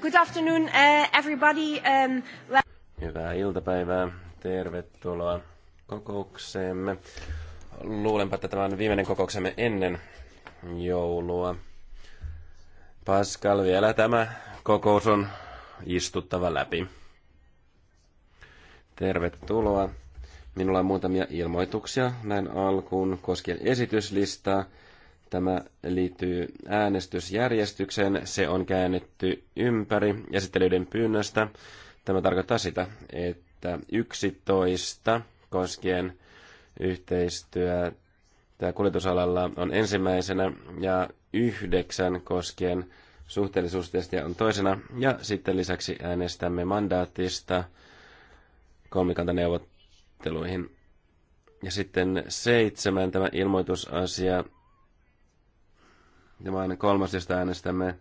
Good afternoon, uh, everybody. Um, well... Hyvää iltapäivää. Tervetuloa kokoukseemme. Luulenpa, että tämä on viimeinen kokouksemme ennen joulua. Pascal, vielä tämä kokous on istuttava läpi. Tervetuloa. Minulla on muutamia ilmoituksia näin alkuun koskien esityslistaa. Tämä liittyy äänestysjärjestykseen. Se on käännetty ympäri esittelyiden pyynnöstä. Tämä tarkoittaa sitä, että 11 koskien yhteistyötä kuljetusalalla on ensimmäisenä ja yhdeksän koskien suhteellisuustestiä on toisena. Ja sitten lisäksi äänestämme mandaattista kolmikantaneuvotteluihin. Ja sitten seitsemän tämä ilmoitusasia vaan kolmosesta äänestämme.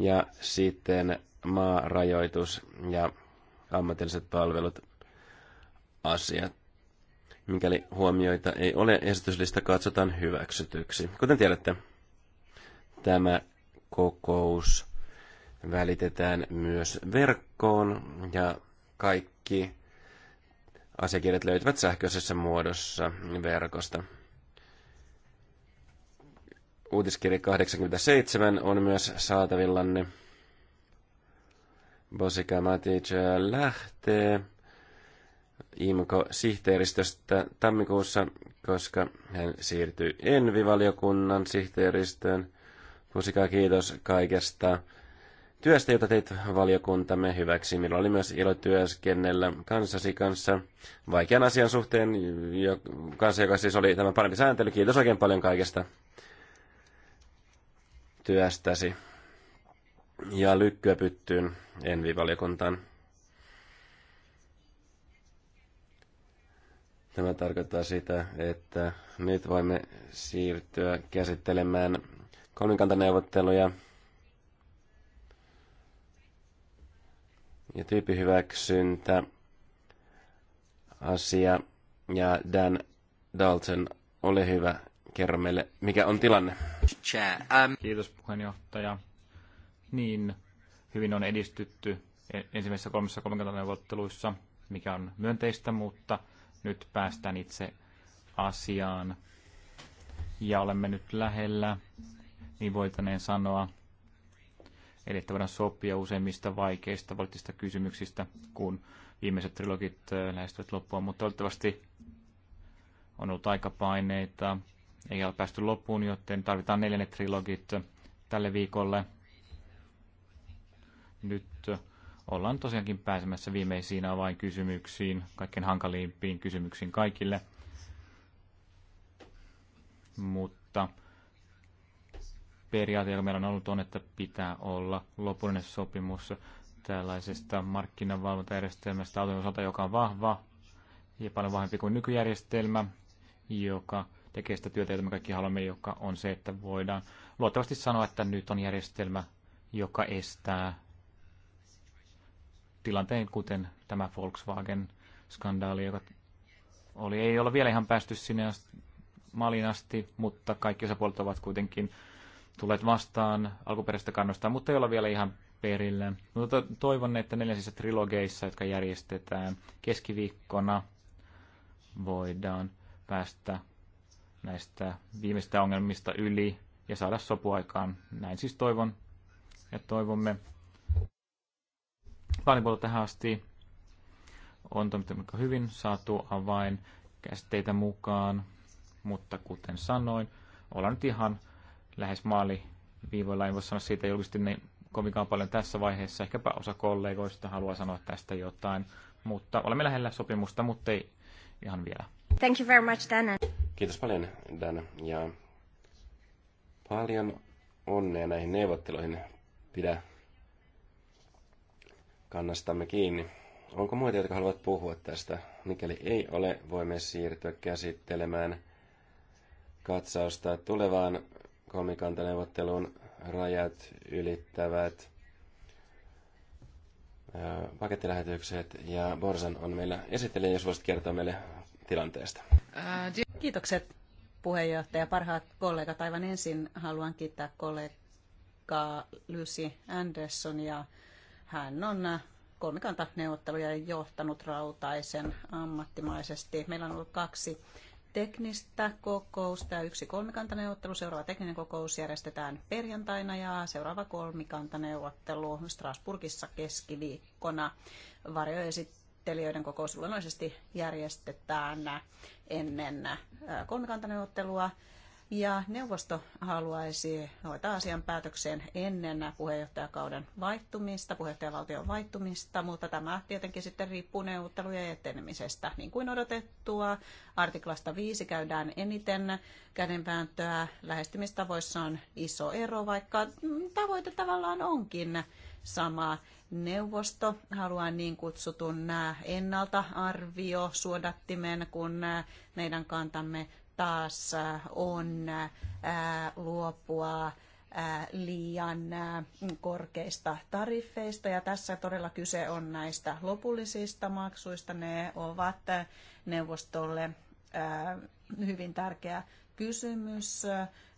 Ja sitten maarajoitus ja ammatilliset palvelut asiat. Mikäli huomioita ei ole, esityslista katsotaan hyväksytyksi. Kuten tiedätte, tämä kokous välitetään myös verkkoon ja kaikki asiakirjat löytyvät sähköisessä muodossa verkosta. Uutiskirja 87 on myös saatavillanne. Bosika Matic lähtee IMKO-sihteeristöstä tammikuussa, koska hän siirtyy Envi-valiokunnan sihteeristöön. Bosika, kiitos kaikesta työstä, jota teit valiokuntamme hyväksi. Minulla oli myös ilo työskennellä kanssasi kanssa vaikean asian suhteen, ja kanssa, joka siis oli tämä parempi sääntely. Kiitos oikein paljon kaikesta työstäsi ja lykkyä pyttyyn envivaliokuntaan. Tämä tarkoittaa sitä, että nyt voimme siirtyä käsittelemään kolmikantaneuvotteluja ja tyyppihyväksyntä asia. Ja Dan Dalton, ole hyvä kerro meille, mikä on tilanne. Um, Kiitos puheenjohtaja. Niin, hyvin on edistytty e- ensimmäisessä kolmessa kolmikantaneuvotteluissa, mikä on myönteistä, mutta nyt päästään itse asiaan. Ja olemme nyt lähellä, niin voitaneen sanoa, eli että voidaan sopia useimmista vaikeista poliittisista kysymyksistä, kun viimeiset trilogit äh, lähestyvät loppua, mutta toivottavasti on ollut aika paineita ei ole päästy loppuun, joten tarvitaan neljännet trilogit tälle viikolle. Nyt ollaan tosiaankin pääsemässä viimeisiin avainkysymyksiin, kaikkein hankalimpiin kysymyksiin kaikille. Mutta periaate, joka meillä on ollut, on, että pitää olla lopullinen sopimus tällaisesta markkinavalvontajärjestelmästä auton osalta, joka on vahva ja paljon vahvempi kuin nykyjärjestelmä, joka tekee sitä työtä, jota me kaikki haluamme, joka on se, että voidaan luottavasti sanoa, että nyt on järjestelmä, joka estää tilanteen, kuten tämä Volkswagen-skandaali, joka oli. Ei ole vielä ihan päästy sinne maaliin asti, mutta kaikki osapuolet ovat kuitenkin tulleet vastaan alkuperäistä kannosta, mutta ei olla vielä ihan perillä. Mutta toivon, että neljäsissä trilogeissa, jotka järjestetään keskiviikkona, voidaan päästä näistä viimeistä ongelmista yli ja saada sopuaikaan. Näin siis toivon ja toivomme. Laanipuolella tähän asti on toimittu hyvin saatu avain käsitteitä mukaan, mutta kuten sanoin, ollaan nyt ihan lähes maaliviivoilla. En voi sanoa siitä julkisesti niin kovinkaan paljon tässä vaiheessa. Ehkäpä osa kollegoista haluaa sanoa tästä jotain, mutta olemme lähellä sopimusta, mutta ei ihan vielä. Thank you very much, Dana. Kiitos paljon, Dana. Ja paljon onnea näihin neuvotteluihin. Pidä kannastamme kiinni. Onko muita, jotka haluavat puhua tästä? Mikäli ei ole, voimme siirtyä käsittelemään katsausta tulevaan kolmikantaneuvotteluun rajat ylittävät pakettilähetykset. Ja Borsan on meillä esittelijä, jos voisit kertoa meille tilanteesta. Kiitokset puheenjohtaja. Parhaat kollegat, aivan ensin haluan kiittää kollegaa Lucy Andersonia Hän on kolmikantaneuvotteluja johtanut rautaisen ammattimaisesti. Meillä on ollut kaksi teknistä kokousta ja yksi kolmikantaneuvottelu. Seuraava tekninen kokous järjestetään perjantaina ja seuraava kolmikantaneuvottelu Strasburgissa keskiviikkona. Varjoesit esittelijöiden kokous luonnollisesti järjestetään ennen kolmikantaneuvottelua ja neuvosto haluaisi hoitaa asian päätökseen ennen puheenjohtajakauden vaihtumista, puheenjohtajavaltion vaihtumista, mutta tämä tietenkin sitten riippuu neuvottelujen etenemisestä. Niin kuin odotettua, artiklasta 5 käydään eniten kädenvääntöä. Lähestymistavoissa on iso ero, vaikka tavoite tavallaan onkin sama. Neuvosto haluaa niin kutsutun ennalta arvio suodattimen, kun meidän kantamme taas äh, on äh, luopua äh, liian korkeista tariffeista ja tässä todella kyse on näistä lopullisista maksuista. Ne ovat neuvostolle hyvin tärkeä kysymys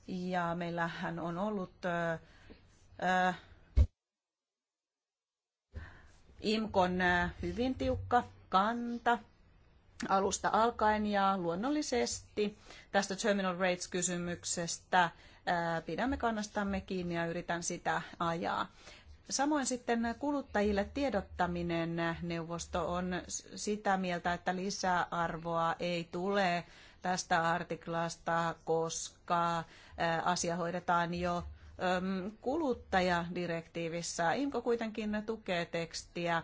ja meillähän on ollut IMKON hyvin tiukka kanta alusta alkaen ja luonnollisesti tästä terminal rates-kysymyksestä pidämme kannastamme kiinni ja yritän sitä ajaa. Samoin sitten kuluttajille tiedottaminen neuvosto on sitä mieltä, että lisäarvoa ei tule tästä artiklasta, koska asia hoidetaan jo kuluttajadirektiivissä. IMKO kuitenkin tukee tekstiä.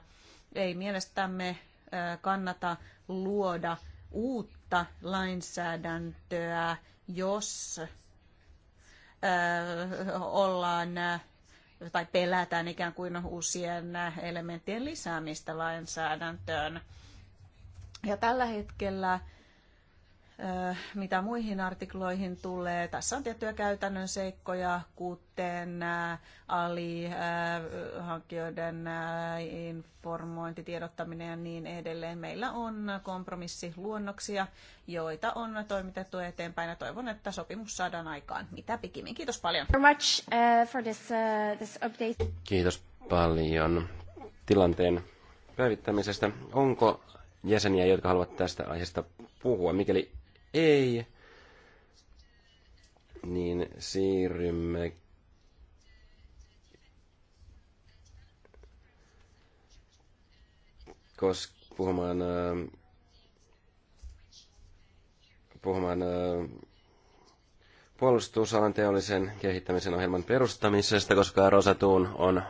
Ei mielestämme kannata luoda uutta lainsäädäntöä, jos ollaan tai pelätään ikään kuin uusien elementtien lisäämistä lainsäädäntöön. Ja tällä hetkellä mitä muihin artikloihin tulee. Tässä on tiettyjä käytännön seikkoja, kuten alihankkijoiden informointi, tiedottaminen ja niin edelleen. Meillä on kompromissiluonnoksia, joita on toimitettu eteenpäin ja toivon, että sopimus saadaan aikaan mitä pikimmin. Kiitos paljon. Kiitos paljon tilanteen päivittämisestä. Onko jäseniä, jotka haluavat tästä aiheesta puhua? Mikäli ei, niin siirrymme kos puhumaan äh, puhumaan äh, puolustusalan teollisen kehittämisen ohjelman perustamisesta, koska Rosatuun on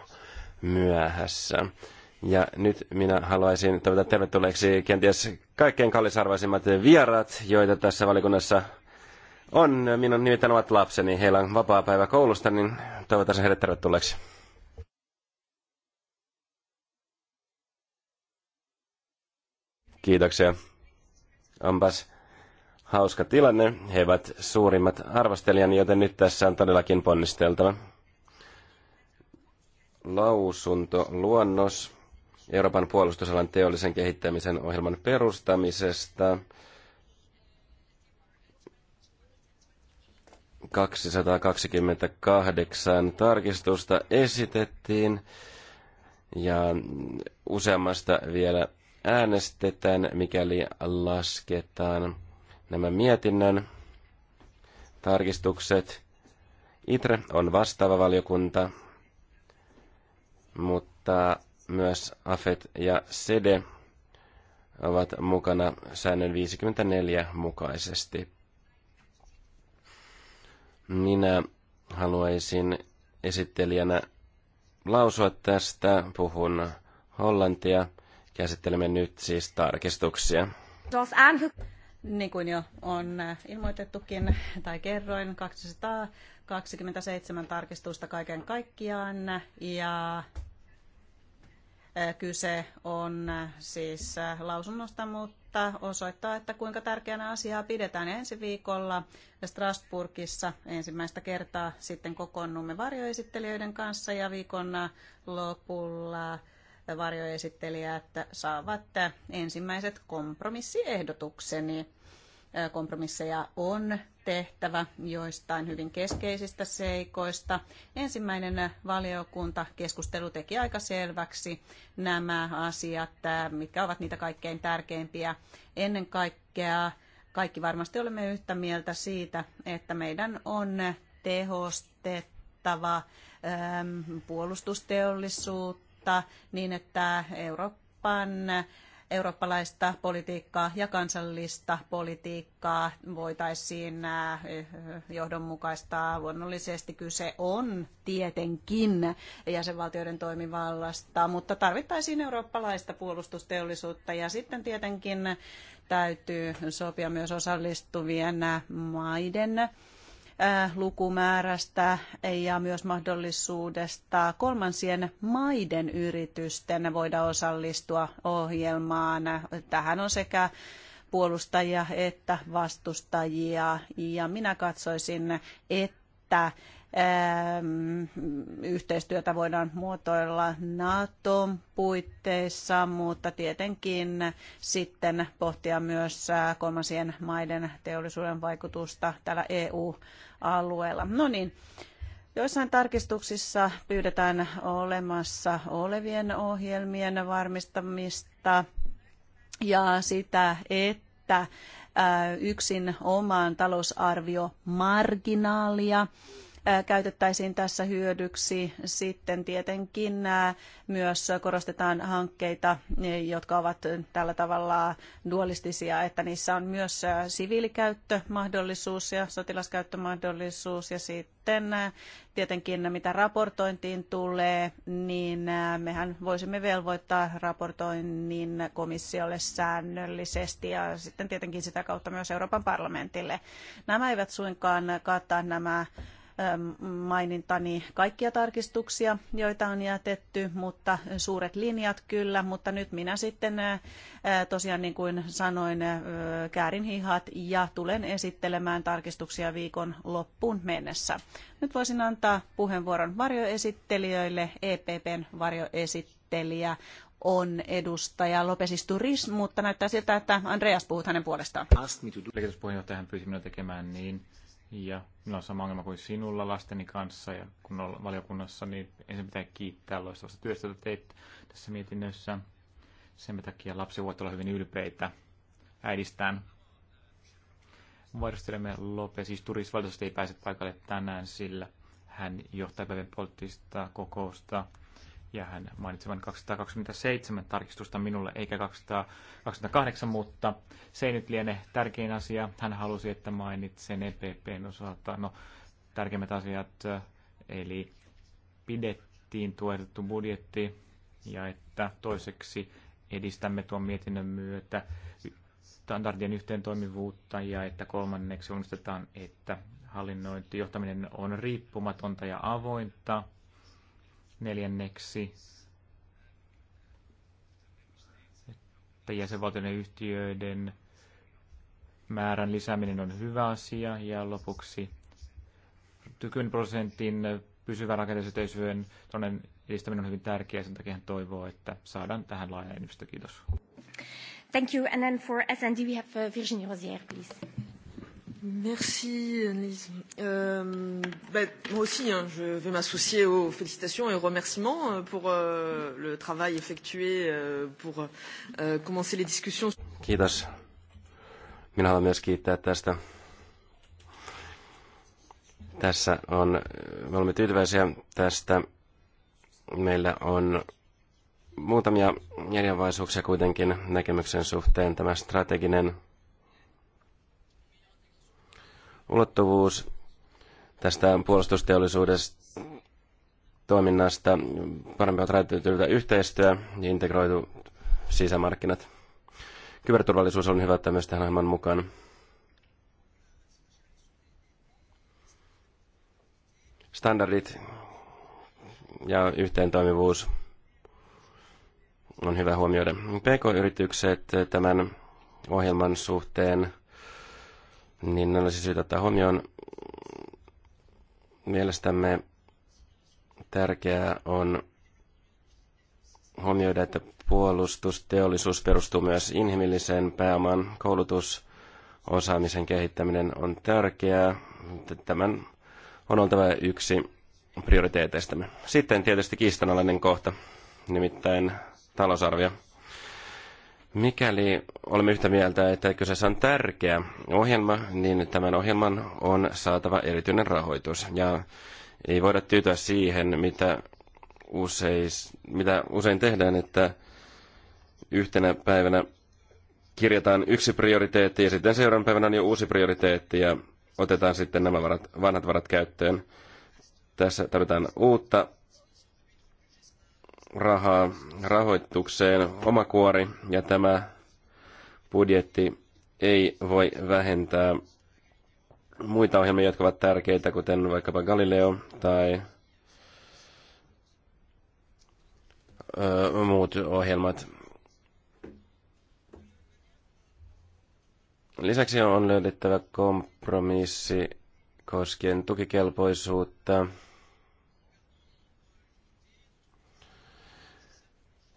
myöhässä. Ja nyt minä haluaisin toivottaa tervetulleeksi kenties kaikkein kallisarvoisimmat vieraat, joita tässä valikunnassa on. Minun nimittäin ovat lapseni. Heillä on vapaa päivä koulusta, niin toivotan heidät tervetulleeksi. Kiitoksia. Onpas hauska tilanne. He ovat suurimmat arvostelijani, joten nyt tässä on todellakin ponnisteltava. Lausunto, luonnos. Euroopan puolustusalan teollisen kehittämisen ohjelman perustamisesta. 228 tarkistusta esitettiin ja useammasta vielä äänestetään, mikäli lasketaan nämä mietinnön tarkistukset. ITRE on vastaava valiokunta, mutta myös AFET ja SEDE ovat mukana säännön 54 mukaisesti. Minä haluaisin esittelijänä lausua tästä. Puhun hollantia. Käsittelemme nyt siis tarkistuksia. Niin kuin jo on ilmoitettukin tai kerroin, 227 tarkistusta kaiken kaikkiaan ja Kyse on siis lausunnosta, mutta osoittaa, että kuinka tärkeänä asiaa pidetään. ensi viikolla Strasbourgissa ensimmäistä kertaa sitten kokoonnumme varjoesittelijöiden kanssa ja viikon lopulla varjoesittelijät saavat ensimmäiset kompromissiehdotukseni kompromisseja on tehtävä joistain hyvin keskeisistä seikoista. Ensimmäinen valiokunta keskustelu teki aika selväksi nämä asiat, mitkä ovat niitä kaikkein tärkeimpiä. Ennen kaikkea kaikki varmasti olemme yhtä mieltä siitä, että meidän on tehostettava puolustusteollisuutta niin, että Euroopan eurooppalaista politiikkaa ja kansallista politiikkaa voitaisiin äh, johdonmukaistaa. Luonnollisesti kyse on tietenkin jäsenvaltioiden toimivallasta, mutta tarvittaisiin eurooppalaista puolustusteollisuutta ja sitten tietenkin täytyy sopia myös osallistuvien maiden Äh, lukumäärästä ja myös mahdollisuudesta kolmansien maiden yritysten voida osallistua ohjelmaan. Tähän on sekä puolustajia että vastustajia ja minä katsoisin, että että Ehm, yhteistyötä voidaan muotoilla NATOn puitteissa, mutta tietenkin sitten pohtia myös äh, kolmansien maiden teollisuuden vaikutusta täällä EU-alueella. No niin, Joissain tarkistuksissa pyydetään olemassa olevien ohjelmien varmistamista ja sitä, että äh, yksin omaan talousarvio marginaalia käytettäisiin tässä hyödyksi. Sitten tietenkin myös korostetaan hankkeita, jotka ovat tällä tavalla dualistisia, että niissä on myös siviilikäyttömahdollisuus ja sotilaskäyttömahdollisuus ja sitten tietenkin mitä raportointiin tulee, niin mehän voisimme velvoittaa raportoinnin komissiolle säännöllisesti ja sitten tietenkin sitä kautta myös Euroopan parlamentille. Nämä eivät suinkaan kata nämä mainintani kaikkia tarkistuksia, joita on jätetty, mutta suuret linjat kyllä, mutta nyt minä sitten tosiaan niin kuin sanoin, käärin hihat ja tulen esittelemään tarkistuksia viikon loppuun mennessä. Nyt voisin antaa puheenvuoron varjoesittelijöille, EPPn varjoesittelijä on edustaja Lopesis Turis, mutta näyttää siltä, että Andreas puhuu hänen puolestaan. Kiitos puheenjohtaja, pyysi minua tekemään niin ja minä olen sama ongelma kuin sinulla lasteni kanssa ja kun olen valiokunnassa, niin ensin pitää kiittää loistavasta työstä, jota teit tässä mietinnössä. Sen takia lapsi voi olla hyvin ylpeitä äidistään. Varstelemme Lopes, siis turisvaltuusti ei pääse paikalle tänään, sillä hän johtaa päivän poliittista kokousta ja hän mainitsi vain 227 tarkistusta minulle, eikä 228, mutta se ei nyt liene tärkein asia. Hän halusi, että mainitsen EPPn osalta no, tärkeimmät asiat, eh, eli pidettiin tuotettu budjetti ja että toiseksi edistämme tuon mietinnön myötä standardien yhteentoimivuutta ja että kolmanneksi onnistetaan, että hallinnointi johtaminen on riippumatonta ja avointa Neljänneksi, että jäsenvaltioiden yhtiöiden määrän lisääminen on hyvä asia. Ja lopuksi tykyn prosentin pysyvän rakennusyhteisöjen edistäminen on hyvin tärkeää. Sen takia toivoo, että saadaan tähän laaja enemmistö. Kiitos. Thank you. And then for SND we have uh, Virginie Rosière, please. Merci Annelise. Euh, ben, moi aussi, hein, je vais m'associer aux félicitations et aux remerciements euh, pour euh, le travail effectué euh, pour euh, commencer les discussions. Kiitos. Minä haluan myös kiittää tästä. Tässä on, me olemme tyytyväisiä tästä. Meillä on muutamia erilaisuuksia kuitenkin näkemyksen suhteen. Tämä strateginen ulottuvuus tästä puolustusteollisuudesta toiminnasta, parempi räätälöityä yhteistyö ja integroitu sisämarkkinat. Kyberturvallisuus on hyvä ottaa myös tähän ohjelman mukaan. Standardit ja yhteentoimivuus on hyvä huomioida. PK-yritykset tämän ohjelman suhteen niin olisi syytä ottaa huomioon. Mielestämme tärkeää on huomioida, että puolustusteollisuus perustuu myös inhimilliseen pääoman koulutusosaamisen kehittäminen on tärkeää. Tämän on oltava yksi prioriteeteistamme. Sitten tietysti kiistanalainen kohta, nimittäin talousarvio. Mikäli olemme yhtä mieltä, että kyseessä on tärkeä ohjelma, niin tämän ohjelman on saatava erityinen rahoitus. Ja ei voida tyytyä siihen, mitä, useis, mitä usein tehdään, että yhtenä päivänä kirjataan yksi prioriteetti ja sitten seuraavan päivänä on jo uusi prioriteetti ja otetaan sitten nämä varat, vanhat varat käyttöön. Tässä tarvitaan uutta rahaa rahoitukseen omakuori ja tämä budjetti ei voi vähentää muita ohjelmia, jotka ovat tärkeitä, kuten vaikkapa Galileo tai ö, muut ohjelmat. Lisäksi on löydettävä kompromissi koskien tukikelpoisuutta.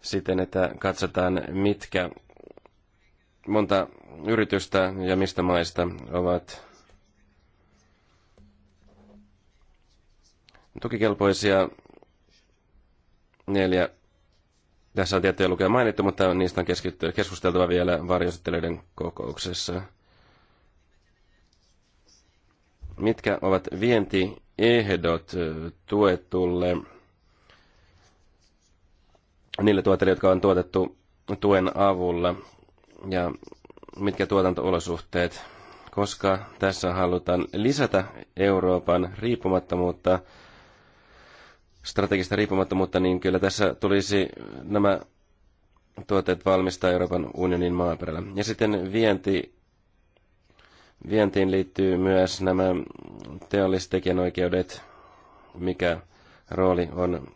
siten, että katsotaan mitkä monta yritystä ja mistä maista ovat tukikelpoisia neljä. Tässä on tiettyjä lukuja mainittu, mutta niistä on keskusteltava vielä varjosittelijöiden kokouksessa. Mitkä ovat vientiehdot tuetulle niille tuotteille, jotka on tuotettu tuen avulla ja mitkä tuotantoolosuhteet, koska tässä halutaan lisätä Euroopan riippumattomuutta, strategista riippumattomuutta, niin kyllä tässä tulisi nämä tuotteet valmistaa Euroopan unionin maaperällä. Ja sitten vienti, vientiin liittyy myös nämä teollistekijänoikeudet, mikä rooli on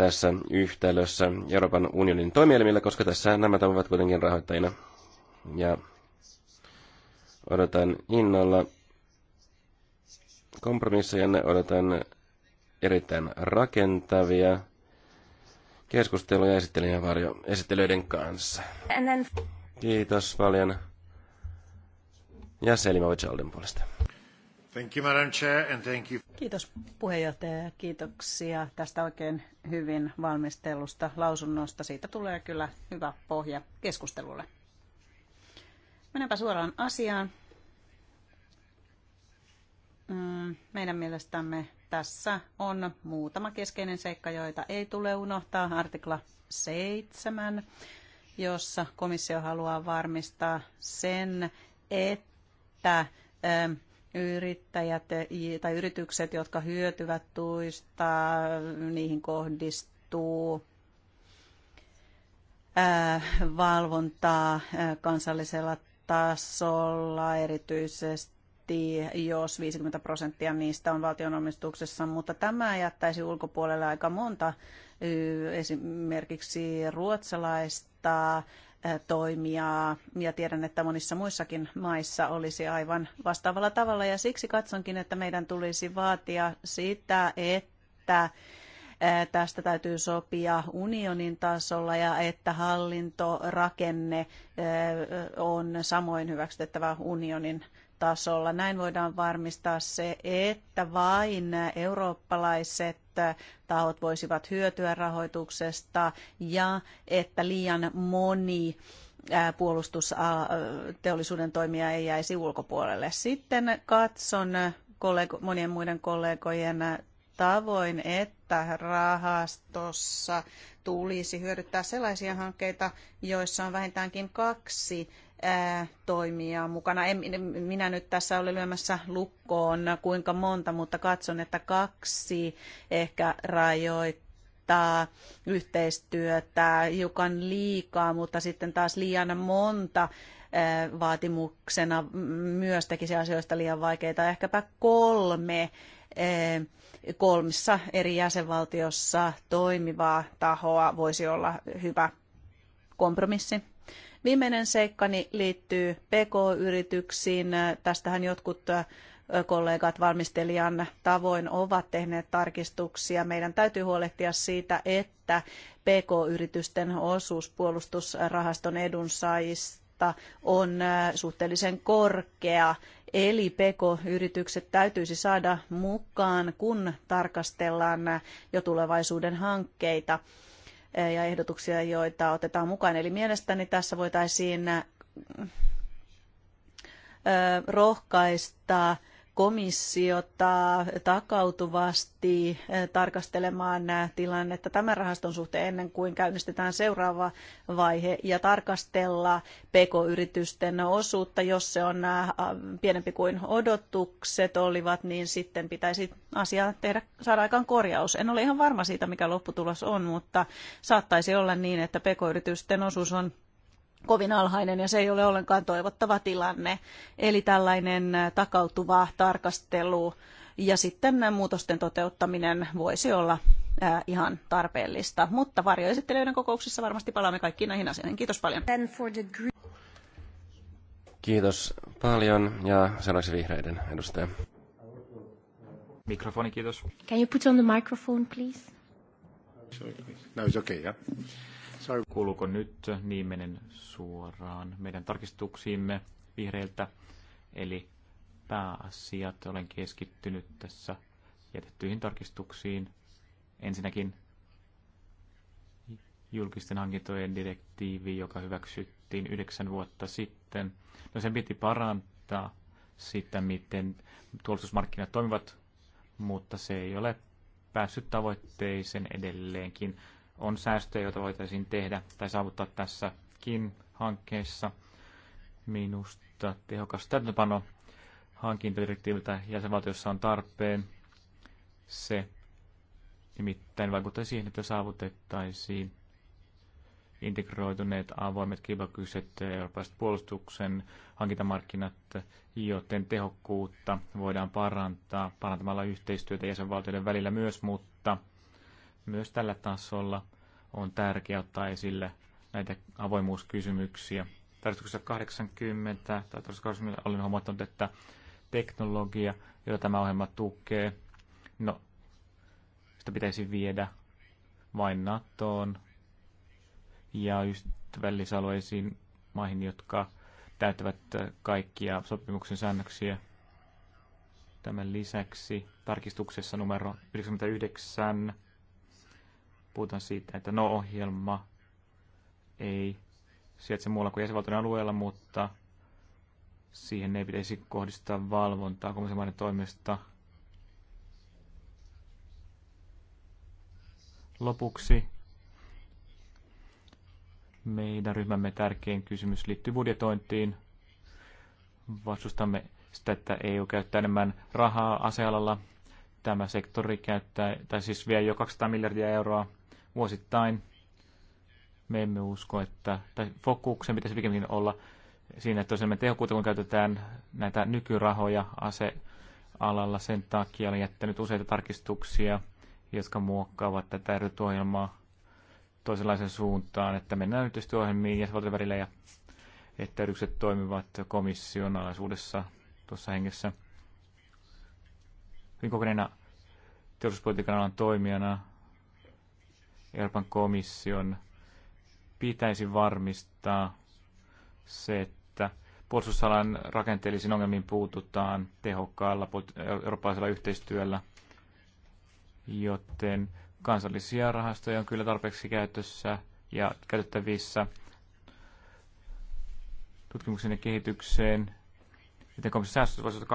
tässä yhtälössä Euroopan unionin toimielimillä, koska tässä nämä ovat kuitenkin rahoittajina. Ja odotan innolla ne odotan erittäin rakentavia keskusteluja esittelijän varjo esittelyiden kanssa. Kiitos paljon. Ja Selima Alden puolesta. Thank you, Madam Chair, and thank you. Kiitos puheenjohtaja kiitoksia tästä oikein hyvin valmistellusta lausunnosta. Siitä tulee kyllä hyvä pohja keskustelulle. Mennäänpä suoraan asiaan. Mm, meidän mielestämme tässä on muutama keskeinen seikka, joita ei tule unohtaa. Artikla 7, jossa komissio haluaa varmistaa sen, että ähm, yrittäjät tai yritykset, jotka hyötyvät tuista, niihin kohdistuu valvontaa kansallisella tasolla erityisesti jos 50 prosenttia niistä on valtionomistuksessa, mutta tämä jättäisi ulkopuolelle aika monta esimerkiksi ruotsalaista toimijaa ja tiedän, että monissa muissakin maissa olisi aivan vastaavalla tavalla ja siksi katsonkin, että meidän tulisi vaatia sitä, että tästä täytyy sopia unionin tasolla ja että hallintorakenne on samoin hyväksytettävä unionin tasolla. Näin voidaan varmistaa se, että vain eurooppalaiset tahot voisivat hyötyä rahoituksesta ja että liian moni puolustusteollisuuden toimija ei jäisi ulkopuolelle. Sitten katson kollego, monien muiden kollegojen tavoin, että rahastossa tulisi hyödyttää sellaisia hankkeita, joissa on vähintäänkin kaksi toimia mukana. En, minä nyt tässä olen lyömässä lukkoon kuinka monta, mutta katson, että kaksi ehkä rajoittaa yhteistyötä hiukan liikaa, mutta sitten taas liian monta vaatimuksena myös tekisi asioista liian vaikeita. Ehkäpä kolme kolmissa eri jäsenvaltiossa toimivaa tahoa voisi olla hyvä kompromissi. Viimeinen seikkani liittyy PK-yrityksiin. Tästähän jotkut kollegat valmistelijan tavoin ovat tehneet tarkistuksia. Meidän täytyy huolehtia siitä, että PK-yritysten osuus puolustusrahaston edunsaajista on suhteellisen korkea. Eli PK-yritykset täytyisi saada mukaan, kun tarkastellaan jo tulevaisuuden hankkeita ja ehdotuksia, joita otetaan mukaan. Eli mielestäni tässä voitaisiin rohkaista komissiota takautuvasti eh, tarkastelemaan eh, tilannetta tämän rahaston suhteen ennen kuin käynnistetään seuraava vaihe ja tarkastella pk-yritysten osuutta. Jos se on eh, pienempi kuin odotukset olivat, niin sitten pitäisi asiaa tehdä, saada aikaan korjaus. En ole ihan varma siitä, mikä lopputulos on, mutta saattaisi olla niin, että pk-yritysten osuus on kovin alhainen ja se ei ole ollenkaan toivottava tilanne. Eli tällainen takautuva tarkastelu ja sitten muutosten toteuttaminen voisi olla ihan tarpeellista. Mutta varjoesittelijöiden kokouksissa varmasti palaamme kaikkiin näihin asioihin. Kiitos paljon. Kiitos paljon ja seuraavaksi vihreiden edustaja. Mikrofoni, kiitos. Can you put on the microphone, please? No, it's okay, yeah. Sorry. Kuuluuko nyt, niin menen suoraan meidän tarkistuksiimme vihreiltä. Eli pääasiat olen keskittynyt tässä jätettyihin tarkistuksiin. Ensinnäkin julkisten hankintojen direktiivi, joka hyväksyttiin yhdeksän vuotta sitten. No sen piti parantaa sitä, miten puolustusmarkkinat toimivat, mutta se ei ole päässyt tavoitteisen edelleenkin on säästöjä, joita voitaisiin tehdä tai saavuttaa tässäkin hankkeessa. Minusta tehokas täytäntöpano hankintadirektiiviltä jäsenvaltiossa on tarpeen. Se nimittäin vaikuttaa siihen, että saavutettaisiin integroituneet avoimet kilpailukykyiset eurooppalaiset puolustuksen hankintamarkkinat, joten tehokkuutta voidaan parantaa parantamalla yhteistyötä jäsenvaltioiden välillä myös, mutta myös tällä tasolla on tärkeää ottaa esille näitä avoimuuskysymyksiä. Tarkistuksessa 80 tai 80 olen huomattanut, että teknologia, jota tämä ohjelma tukee, no, sitä pitäisi viedä vain NATOon ja ystävällisalueisiin maihin, jotka täyttävät kaikkia sopimuksen säännöksiä. Tämän lisäksi tarkistuksessa numero 99 puhutaan siitä, että no ohjelma ei sijaitse muualla kuin jäsenvaltojen alueella, mutta siihen ei pitäisi kohdistaa valvontaa komission toimesta. Lopuksi meidän ryhmämme tärkein kysymys liittyy budjetointiin. Vastustamme sitä, että EU käyttää enemmän rahaa asealalla. Tämä sektori käyttää, tai siis vie jo 200 miljardia euroa vuosittain. Me emme usko, että tai fokuksen pitäisi pikemminkin olla siinä, että on tehokkuutta, kun käytetään näitä nykyrahoja asealalla. Sen takia olen jättänyt useita tarkistuksia, jotka muokkaavat tätä erityisohjelmaa toisenlaiseen suuntaan, että mennään yhteistyöohjelmiin jäsenvaltion välillä ja että yritykset toimivat komission alaisuudessa tuossa hengessä. Hyvin kokeneena teollisuuspolitiikan alan toimijana Euroopan komission pitäisi varmistaa se, että puolustusalan rakenteellisiin ongelmiin puututaan tehokkaalla eurooppalaisella yhteistyöllä, joten kansallisia rahastoja on kyllä tarpeeksi käytössä ja käytettävissä tutkimuksen ja kehitykseen. Joten komission säästöt voisivat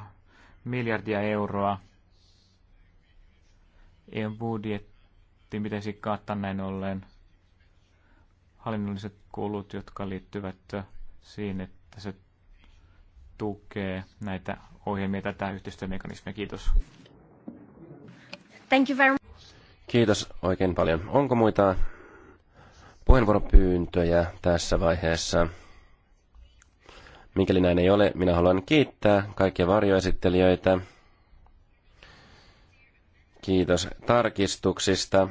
20-100 miljardia euroa. eu budjetti budjettiin miten sikkaa näin ollen hallinnolliset kulut, jotka liittyvät siihen, että se tukee näitä ohjelmia tätä yhteistyömekanismia. Kiitos. Thank you very much. Kiitos oikein paljon. Onko muita puheenvuoropyyntöjä tässä vaiheessa? Mikäli näin ei ole, minä haluan kiittää kaikkia varjoesittelijöitä Kiitos tarkistuksista.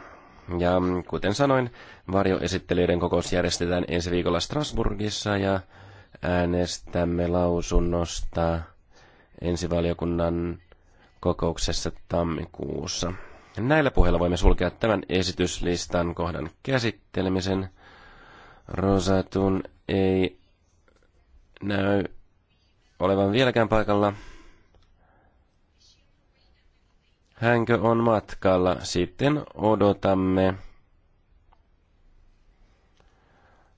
Ja kuten sanoin, varjoesittelijöiden kokous järjestetään ensi viikolla Strasburgissa ja äänestämme lausunnosta ensi valiokunnan kokouksessa tammikuussa. Näillä puheilla voimme sulkea tämän esityslistan kohdan käsittelemisen. Rosatun ei näy olevan vieläkään paikalla. hänkö on matkalla. Sitten odotamme.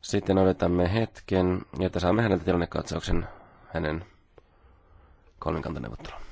Sitten odotamme hetken, jotta saamme häneltä tilannekatsauksen hänen kolmikantaneuvotteluun.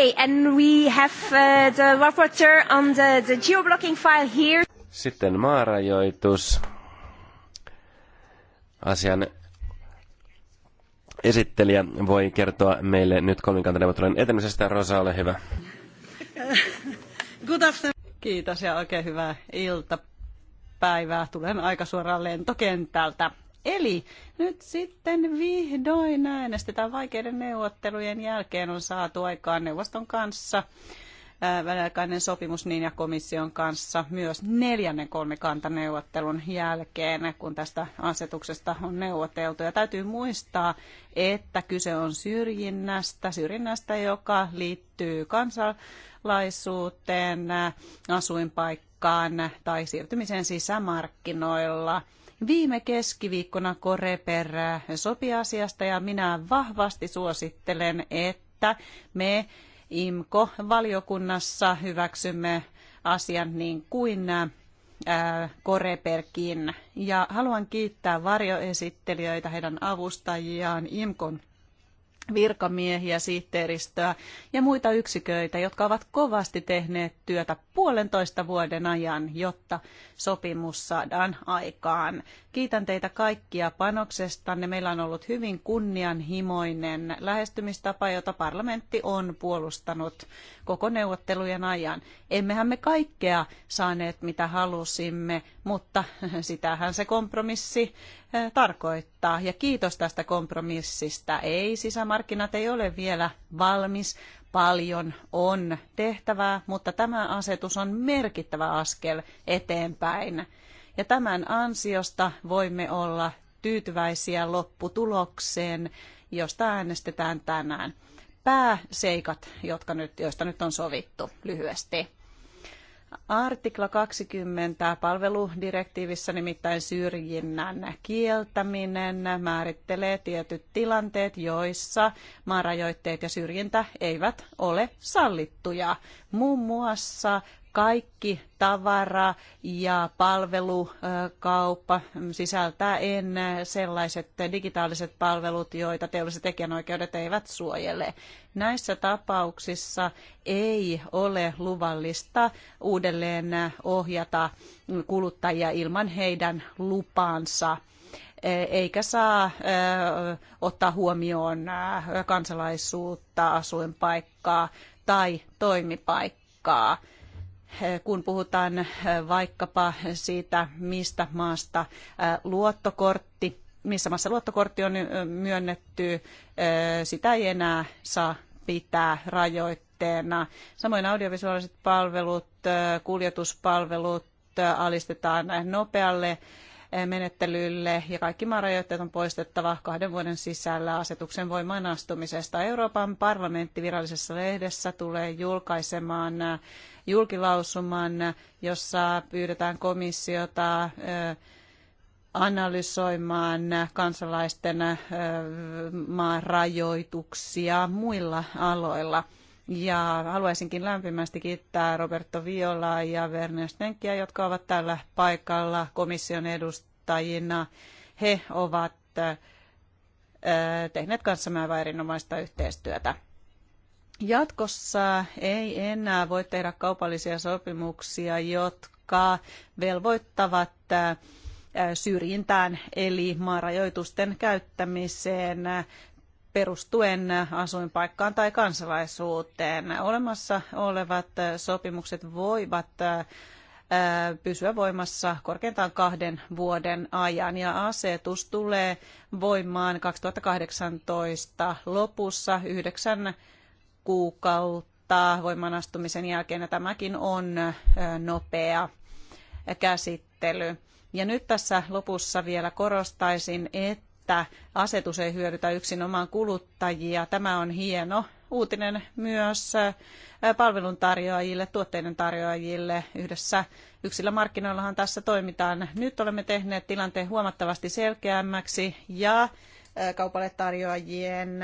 Okay, and we have uh, the rapporteur on the, the geoblocking file here. Sitten maarajoitus. Asian esittelijä voi kertoa meille nyt kolmikantaneuvottelujen etenemisestä. Rosa, ole hyvä. Good afternoon. Kiitos ja oikein hyvää iltapäivää. Tulen aika suoraan lentokentältä. Eli nyt sitten vihdoin äänestetään vaikeiden neuvottelujen jälkeen on saatu aikaan neuvoston kanssa väliaikainen sopimus niin ja komission kanssa myös neljännen kolmikantaneuvottelun jälkeen, kun tästä asetuksesta on neuvoteltu. Ja täytyy muistaa, että kyse on syrjinnästä, syrjinnästä, joka liittyy kansalaisuuteen, asuinpaikkaan tai siirtymiseen sisämarkkinoilla – Viime keskiviikkona Koreper sopi asiasta ja minä vahvasti suosittelen, että me IMKO-valiokunnassa hyväksymme asian niin kuin Koreperkin. Ja haluan kiittää varjoesittelijöitä, heidän avustajiaan, IMKON virkamiehiä, sihteeristöä ja muita yksiköitä, jotka ovat kovasti tehneet työtä puolentoista vuoden ajan, jotta sopimus saadaan aikaan. Kiitän teitä kaikkia panoksestanne. Meillä on ollut hyvin kunnianhimoinen lähestymistapa, jota parlamentti on puolustanut koko neuvottelujen ajan. Emmehän me kaikkea saaneet, mitä halusimme, mutta sitähän se kompromissi tarkoittaa. Ja kiitos tästä kompromissista. Ei, sisämarkkinat ei ole vielä valmis. Paljon on tehtävää, mutta tämä asetus on merkittävä askel eteenpäin. Ja tämän ansiosta voimme olla tyytyväisiä lopputulokseen, josta äänestetään tänään. Pääseikat, jotka nyt, joista nyt on sovittu lyhyesti. Artikla 20 palveludirektiivissä nimittäin syrjinnän kieltäminen määrittelee tietyt tilanteet, joissa maarajoitteet ja syrjintä eivät ole sallittuja. Muun muassa kaikki tavara ja palvelukauppa sisältää en sellaiset digitaaliset palvelut, joita teolliset tekijänoikeudet eivät suojele. Näissä tapauksissa ei ole luvallista uudelleen ohjata kuluttajia ilman heidän lupaansa eikä saa ottaa huomioon kansalaisuutta, asuinpaikkaa tai toimipaikkaa kun puhutaan eh, vaikkapa siitä, mistä maasta eh, luottokortti, missä maassa luottokortti on eh, myönnetty, sitä ei enää saa pitää rajoitteena. Samoin audiovisuaaliset palvelut, kuljetuspalvelut alistetaan nopealle menettelylle ja kaikki maarajoitteet on poistettava kahden vuoden sisällä asetuksen voimaan astumisesta. Euroopan parlamentti virallisessa lehdessä tulee julkaisemaan äh, julkilausuman, jossa pyydetään komissiota äh, analysoimaan kansalaisten äh, maarajoituksia muilla aloilla – ja haluaisinkin lämpimästi kiittää Roberto Viola ja Werner Stenkiä, jotka ovat tällä paikalla komission edustajina. He ovat tehneet kanssamme aivan erinomaista yhteistyötä. Jatkossa ei enää voi tehdä kaupallisia sopimuksia, jotka velvoittavat syrjintään eli maarajoitusten käyttämiseen perustuen asuinpaikkaan tai kansalaisuuteen. Olemassa olevat sopimukset voivat pysyä voimassa korkeintaan kahden vuoden ajan ja asetus tulee voimaan 2018 lopussa yhdeksän kuukautta voimanastumisen jälkeen ja tämäkin on nopea käsittely. Ja nyt tässä lopussa vielä korostaisin, että että asetus ei hyödytä yksinomaan kuluttajia. Tämä on hieno uutinen myös palveluntarjoajille, tuotteiden tarjoajille. Yhdessä yksillä markkinoillahan tässä toimitaan. Nyt olemme tehneet tilanteen huomattavasti selkeämmäksi ja kaupalle tarjoajien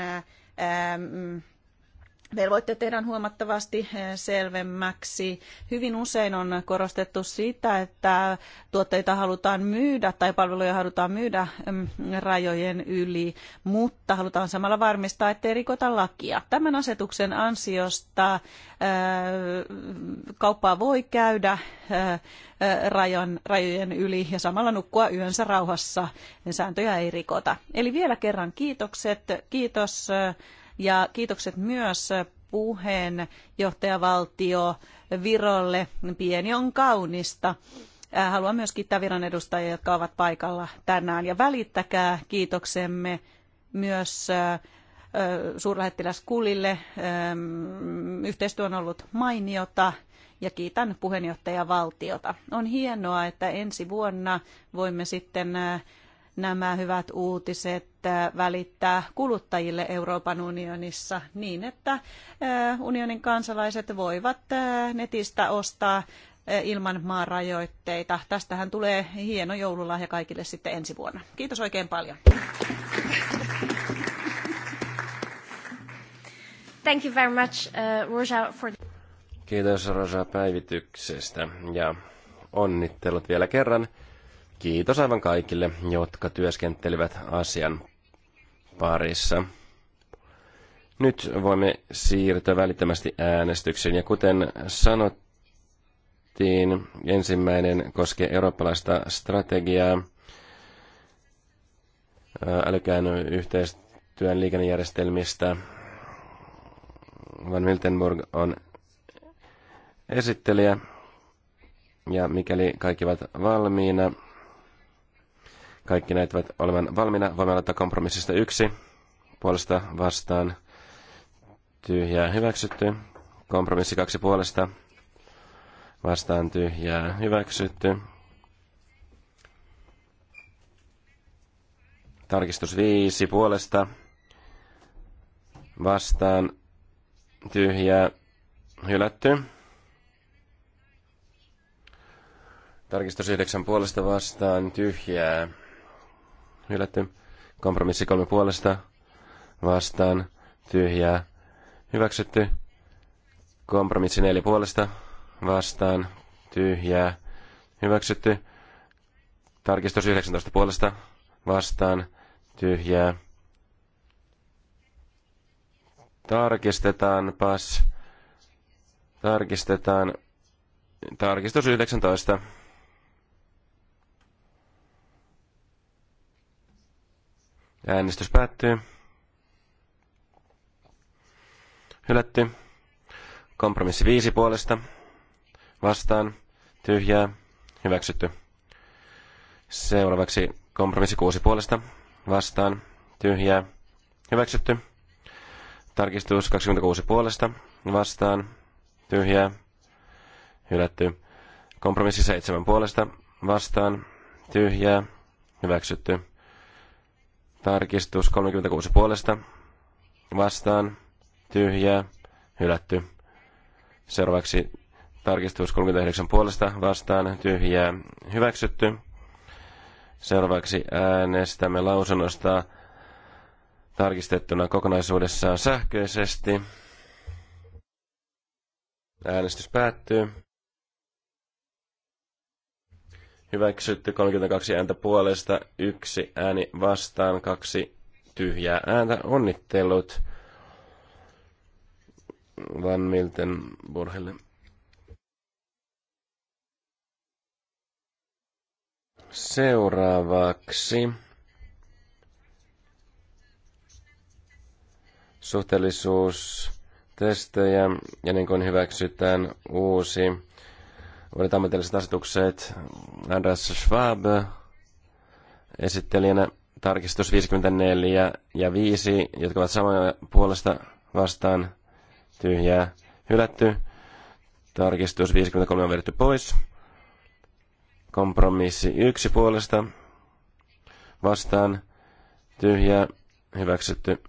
mm, Velvoitteet tehdään huomattavasti eh, selvemmäksi. Hyvin usein on korostettu sitä, että tuotteita halutaan myydä tai palveluja halutaan myydä mm, rajojen yli, mutta halutaan samalla varmistaa, ettei rikota lakia. Tämän asetuksen ansiosta eh, kauppaa voi käydä eh, rajan, rajojen yli ja samalla nukkua yönsä rauhassa. Sääntöjä ei rikota. Eli vielä kerran kiitokset. Kiitos ja kiitokset myös puheenjohtajavaltio Virolle. Pieni on kaunista. Haluan myös kiittää Viron edustajia, jotka ovat paikalla tänään. Ja välittäkää kiitoksemme myös suurlähettiläs Kulille. Yhteistyö on ollut mainiota ja kiitän puheenjohtajavaltiota. On hienoa, että ensi vuonna voimme sitten nämä hyvät uutiset välittää kuluttajille Euroopan unionissa niin, että eh, unionin kansalaiset voivat eh, netistä ostaa eh, ilman maarajoitteita. Tästähän tulee hieno joululahja kaikille sitten ensi vuonna. Kiitos oikein paljon. Thank you very much, uh, Roja, for... Kiitos Rosa päivityksestä ja onnittelut vielä kerran. Kiitos aivan kaikille, jotka työskentelivät asian parissa. Nyt voimme siirtyä välittömästi äänestykseen. Ja kuten sanottiin, ensimmäinen koskee eurooppalaista strategiaa älykään yhteistyön liikennejärjestelmistä. Van Miltenburg on esittelijä. Ja mikäli kaikki ovat valmiina, kaikki näyttävät olevan valmiina. Voimme aloittaa kompromissista yksi. Puolesta vastaan tyhjää hyväksytty. Kompromissi kaksi puolesta vastaan tyhjää hyväksytty. Tarkistus viisi puolesta vastaan tyhjää hylätty. Tarkistus yhdeksän puolesta vastaan tyhjää hylätty. Kompromissi kolme puolesta vastaan tyhjää hyväksytty. Kompromissi neljä puolesta vastaan tyhjää hyväksytty. Tarkistus 19 puolesta vastaan tyhjää. Tarkistetaanpas. Tarkistetaan. Tarkistus 19. Äänestys päättyy. Hylätty. Kompromissi viisi puolesta. Vastaan. Tyhjää. Hyväksytty. Seuraavaksi kompromissi kuusi puolesta. Vastaan. Tyhjää. Hyväksytty. Tarkistus 26 puolesta. Vastaan. Tyhjää. Hylätty. Kompromissi seitsemän puolesta. Vastaan. Tyhjää. Hyväksytty. Tarkistus 36 puolesta. Vastaan. Tyhjää. Hylätty. Seuraavaksi tarkistus 39 puolesta. Vastaan. Tyhjää. Hyväksytty. Seuraavaksi äänestämme lausunnosta tarkistettuna kokonaisuudessaan sähköisesti. Äänestys päättyy. Hyväksytty 32 ääntä puolesta, yksi ääni vastaan, kaksi tyhjää ääntä. Onnittelut Van Borhelle Seuraavaksi suhteellisuustestejä ja niin kuin hyväksytään uusi Uudet ammatilliset asetukset, Anders Schwab esittelijänä, tarkistus 54 ja 5, jotka ovat samoja puolesta vastaan, tyhjää, hylätty. Tarkistus 53 on vedetty pois. Kompromissi 1 puolesta vastaan, tyhjää, hyväksytty.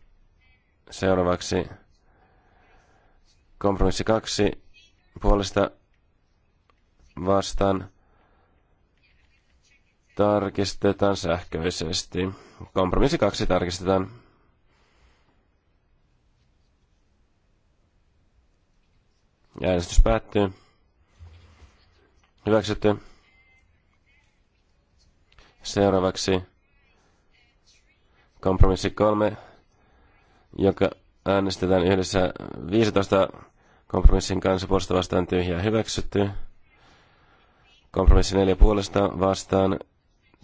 Seuraavaksi kompromissi 2 puolesta vastaan tarkistetaan sähköisesti. Kompromissi 2 tarkistetaan. Ja äänestys päättyy. Hyväksytty. Seuraavaksi kompromissi 3, joka äänestetään yhdessä 15 kompromissin kanssa puolesta vastaan tyhjää hyväksytty. Kompromissi neljä puolesta vastaan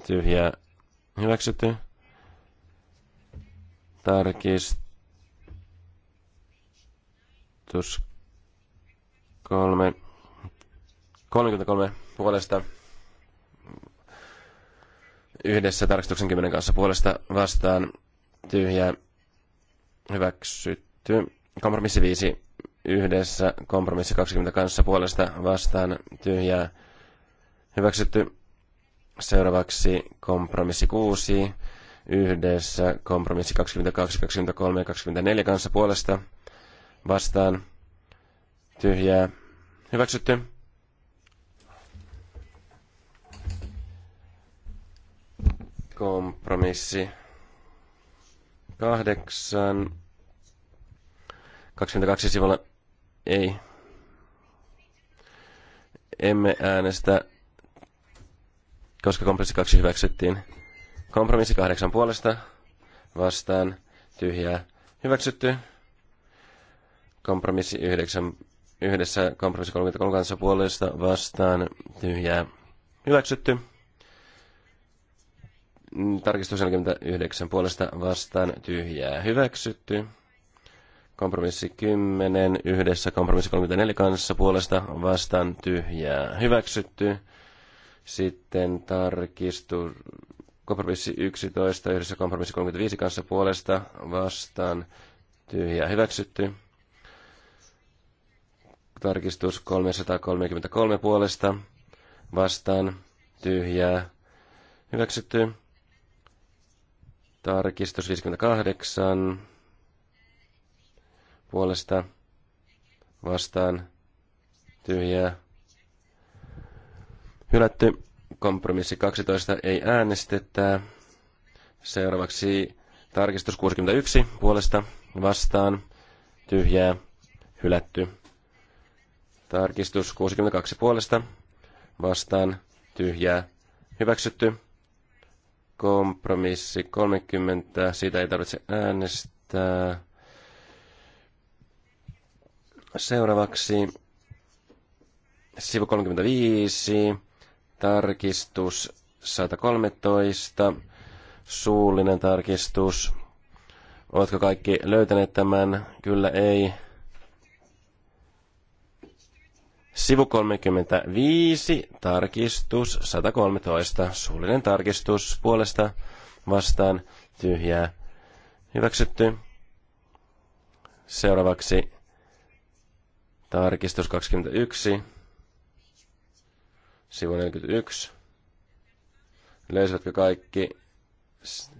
tyhjä hyväksytty. Tarkistus kolme. 33 puolesta yhdessä tarkistuksen 10 kanssa puolesta vastaan tyhjä hyväksytty. Kompromissi 5 yhdessä kompromissi 20 kanssa puolesta vastaan tyhjää Hyväksytty. Seuraavaksi kompromissi 6 yhdessä kompromissi 22, 23 ja 24 kanssa puolesta vastaan tyhjää hyväksytty. Kompromissi 8, 22 sivulla ei. Emme äänestä koska kompromissi 2 hyväksyttiin. Kompromissi 8 puolesta vastaan tyhjää hyväksytty. Kompromissi 9 yhdessä kompromissi 33 kanssa puolesta vastaan tyhjää hyväksytty. Tarkistus 49 puolesta vastaan tyhjää hyväksytty. Kompromissi 10 yhdessä kompromissi 34 kanssa puolesta vastaan tyhjää hyväksytty. Sitten tarkistus kompromissi 11 yhdessä kompromissi 35 kanssa puolesta vastaan tyhjä hyväksytty. Tarkistus 333 puolesta vastaan tyhjää hyväksytty. Tarkistus 58 puolesta vastaan tyhjää Hylätty. Kompromissi 12 ei äänestetä. Seuraavaksi tarkistus 61 puolesta vastaan. Tyhjää. Hylätty. Tarkistus 62 puolesta vastaan. Tyhjää. Hyväksytty. Kompromissi 30. Siitä ei tarvitse äänestää. Seuraavaksi sivu 35 tarkistus 113, suullinen tarkistus. Oletko kaikki löytäneet tämän? Kyllä ei. Sivu 35, tarkistus 113, suullinen tarkistus puolesta vastaan tyhjää hyväksytty. Seuraavaksi tarkistus 21 sivu 41. Löysivätkö kaikki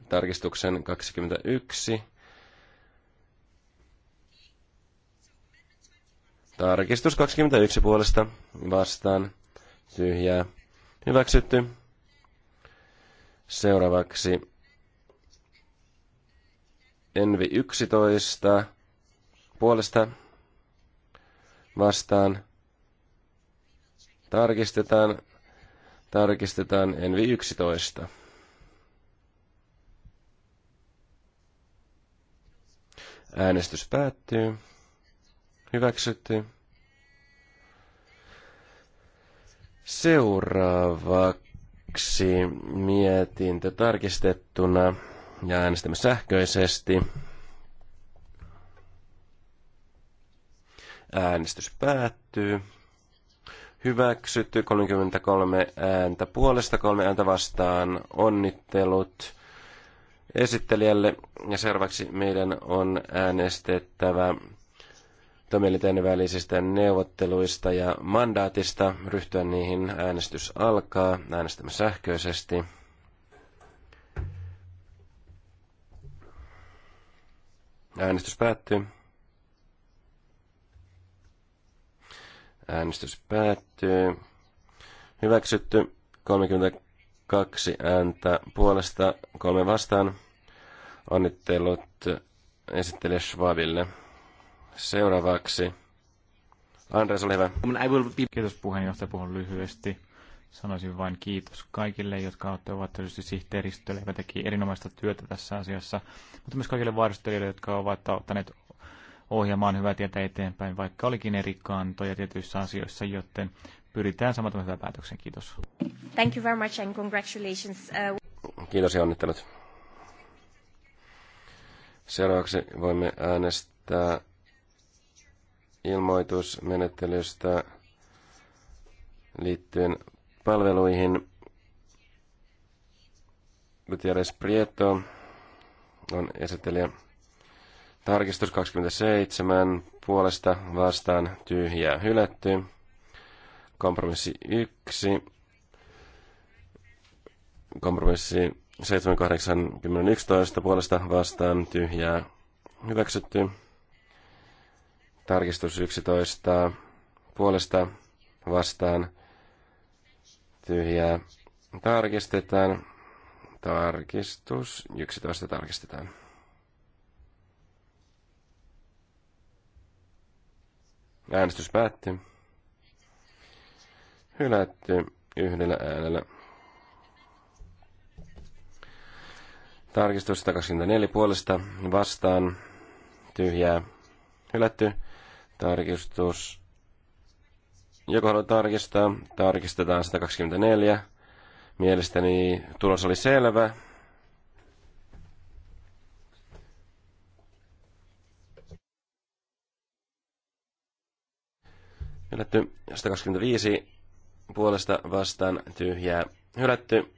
tarkistuksen 21? Tarkistus 21 puolesta vastaan. Tyhjää. Hyväksytty. Seuraavaksi Envi 11 puolesta vastaan Tarkistetaan. Tarkistetaan Envi 11. Äänestys päättyy. Hyväksytty. Seuraavaksi mietintö tarkistettuna ja äänestämme sähköisesti. Äänestys päättyy hyväksytty, 33 ääntä puolesta, kolme ääntä vastaan. Onnittelut esittelijälle. Ja seuraavaksi meidän on äänestettävä toimielinten välisistä neuvotteluista ja mandaatista. Ryhtyä niihin äänestys alkaa. Äänestämme sähköisesti. Äänestys päättyy. Äänestys päättyy. Hyväksytty 32 ääntä puolesta, kolme vastaan. Onnittelut esittelijä Schwabille. Seuraavaksi Andres, ole hyvä. Kiitos puheenjohtaja, puhun lyhyesti. Sanoisin vain kiitos kaikille, jotka ovat tietysti sihteeristölle, joka teki erinomaista työtä tässä asiassa, mutta myös kaikille varustelijoille, jotka ovat ottaneet ohjelma on hyvä tietää eteenpäin, vaikka olikin eri kantoja tietyissä asioissa, joten pyritään samat hyvän päätöksen. Kiitos. Thank you very much and congratulations. Uh, Kiitos ja onnittelut. Seuraavaksi voimme äänestää ilmoitusmenettelystä liittyen palveluihin. Gutierrez Prieto on esittelijä. Tarkistus 27 puolesta vastaan tyhjää hylätty. Kompromissi 1. Kompromissi 7.8.11 puolesta vastaan tyhjää hyväksytty. Tarkistus 11 puolesta vastaan tyhjää tarkistetaan. Tarkistus 11 tarkistetaan. Äänestys päättyy. Hylätty yhdellä äänellä. Tarkistus 124 puolesta vastaan. Tyhjää. Hylätty. Tarkistus. Joko haluaa tarkistaa? Tarkistetaan 124. Mielestäni tulos oli selvä. Hylätty 125 puolesta vastaan tyhjää. Hylätty.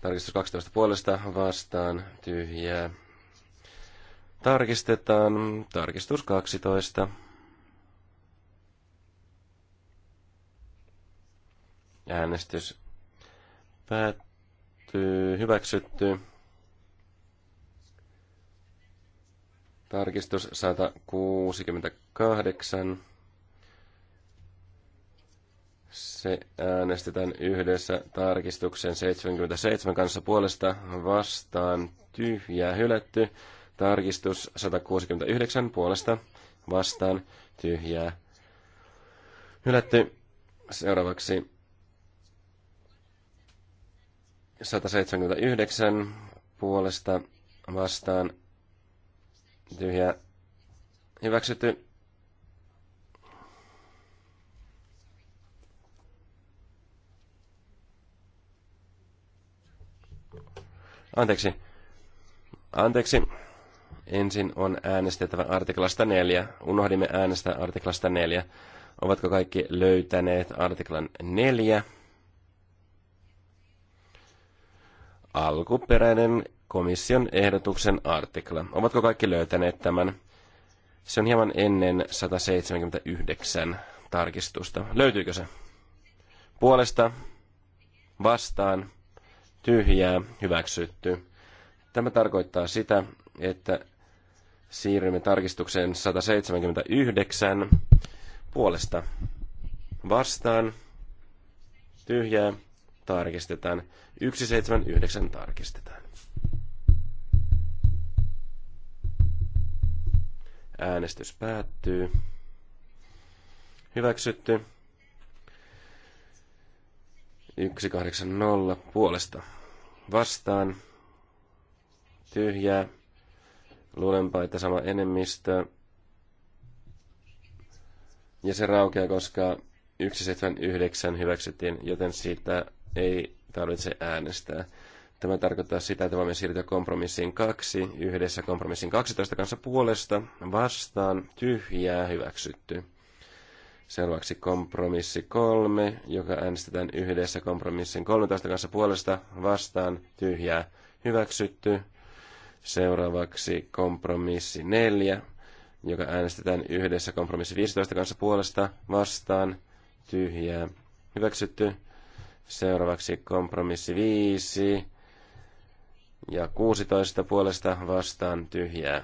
Tarkistus 12 puolesta vastaan tyhjää. Tarkistetaan. Tarkistus 12. Äänestys päättyy. Hyväksytty. Tarkistus 168. Se äänestetään yhdessä tarkistuksen 77 kanssa puolesta vastaan tyhjää hylätty. Tarkistus 169 puolesta vastaan tyhjää hylätty. Seuraavaksi 179 puolesta vastaan tyhjä hyväksytty. Anteeksi. Anteeksi. Ensin on äänestettävä artiklasta 4. Unohdimme äänestää artiklasta 4. Ovatko kaikki löytäneet artiklan 4? alkuperäinen komission ehdotuksen artikla. Ovatko kaikki löytäneet tämän? Se on hieman ennen 179 tarkistusta. Löytyykö se? Puolesta, vastaan, tyhjää, hyväksytty. Tämä tarkoittaa sitä, että siirrymme tarkistukseen 179 puolesta vastaan, tyhjää, tarkistetaan. 179 tarkistetaan. Äänestys päättyy. Hyväksytty. 180 puolesta. Vastaan. Tyhjää. Luulenpa, että sama enemmistö. Ja se raukeaa, koska 179 hyväksyttiin, joten siitä ei tarvitse äänestää. Tämä tarkoittaa sitä, että voimme siirtyä kompromissiin kaksi yhdessä kompromissin 12 kanssa puolesta vastaan tyhjää hyväksytty. Seuraavaksi kompromissi kolme, joka äänestetään yhdessä kompromissin 13 kanssa puolesta vastaan tyhjää hyväksytty. Seuraavaksi kompromissi neljä, joka äänestetään yhdessä kompromissi 15 kanssa puolesta vastaan tyhjää hyväksytty. Seuraavaksi kompromissi 5 ja 16 puolesta vastaan tyhjää.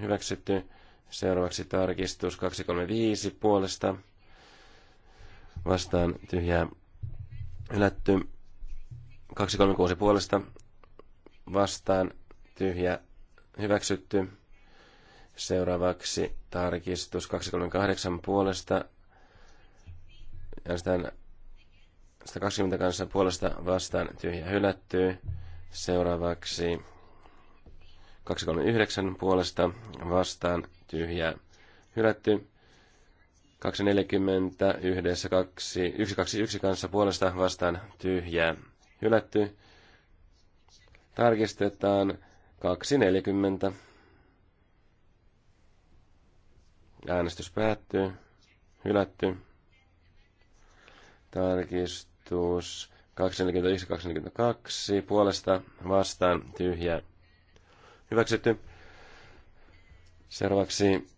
Hyväksytty. Seuraavaksi tarkistus 235 puolesta vastaan tyhjää. Hylätty. 236 puolesta vastaan tyhjä hyväksytty. Seuraavaksi tarkistus 238 puolesta. Äänestään 120 kanssa puolesta vastaan tyhjä hylättyy. Seuraavaksi 239 puolesta vastaan tyhjä hylätty. 240 yhdessä 2, 121 kanssa puolesta vastaan tyhjä, hylätty. Tarkistetaan 240. Äänestys päättyy. Hylätty. Tarkistetaan tarkistus 241-22 puolesta vastaan tyhjä hyväksytty. Seuraavaksi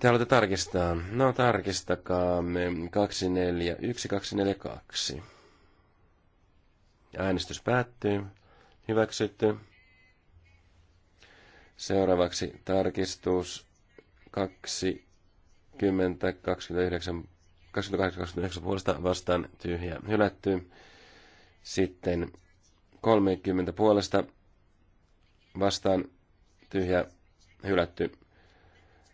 te haluatte tarkistaa. No tarkistakaamme 241-242. Äänestys päättyy. Hyväksytty. Seuraavaksi tarkistus 20 29 28-29 puolesta vastaan tyhjä hylätty. Sitten 30 puolesta vastaan tyhjä hylätty.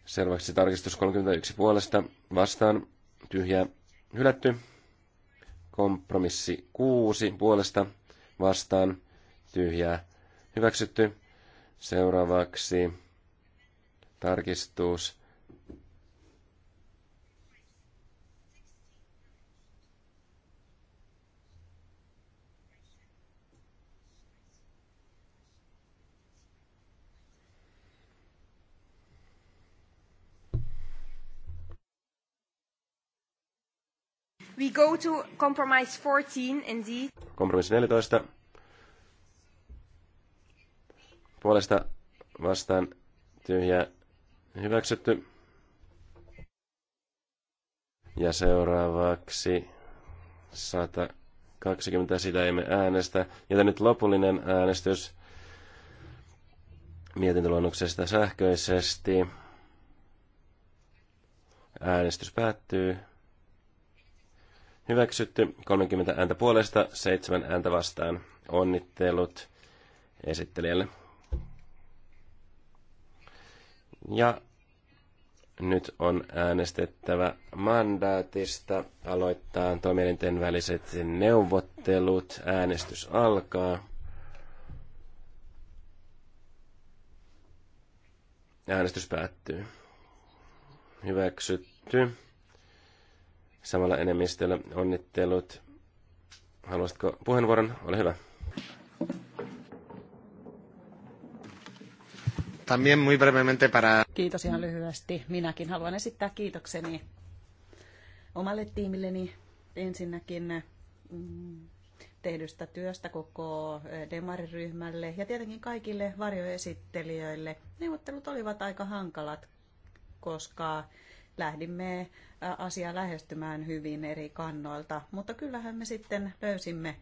Selväksi tarkistus 31 puolesta vastaan tyhjä hylätty. Kompromissi 6 puolesta vastaan tyhjä hyväksytty. Seuraavaksi tarkistus We go to compromise 14 indeed. Kompromissi 14. Puolesta vastaan tyhjä hyväksytty. Ja seuraavaksi 120 sitä emme äänestä. Joten nyt lopullinen äänestys mietintöluonnoksesta sähköisesti. Äänestys päättyy. Hyväksytty 30 ääntä puolesta, 7 ääntä vastaan. Onnittelut esittelijälle. Ja nyt on äänestettävä mandaatista aloittaa toimielinten väliset neuvottelut. Äänestys alkaa. Äänestys päättyy. Hyväksytty samalla enemmistöllä. Onnittelut. Haluaisitko puheenvuoron? Ole hyvä. También muy brevemente para... Kiitos ihan lyhyesti. Minäkin haluan esittää kiitokseni omalle tiimilleni ensinnäkin mm, tehdystä työstä koko demariryhmälle ja tietenkin kaikille varjoesittelijöille. Neuvottelut olivat aika hankalat, koska lähdimme asiaa lähestymään hyvin eri kannoilta, mutta kyllähän me sitten löysimme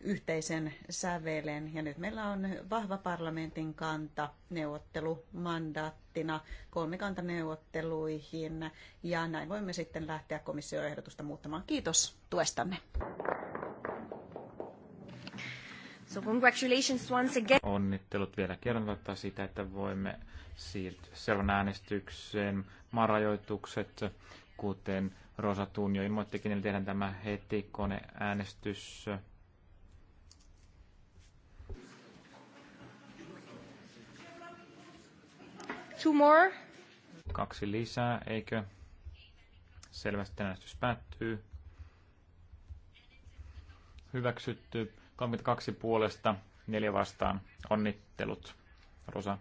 yhteisen sävelen ja nyt meillä on vahva parlamentin kanta neuvottelumandaattina kolmikantaneuvotteluihin ja näin voimme sitten lähteä komissioehdotusta muuttamaan. Kiitos tuestanne. So congratulations once again. Onnittelut vielä kerran tarkoittaa sitä, että voimme siirtyä seuraavan äänestykseen. Marajoitukset, kuten Rosa Tunjo ilmoittikin, eli tehdään tämä heti koneäänestys. Two more. Kaksi lisää, eikö? Selvästi äänestys päättyy. Hyväksytty. 32 puolesta, neljä vastaan. Onnittelut, Rosa.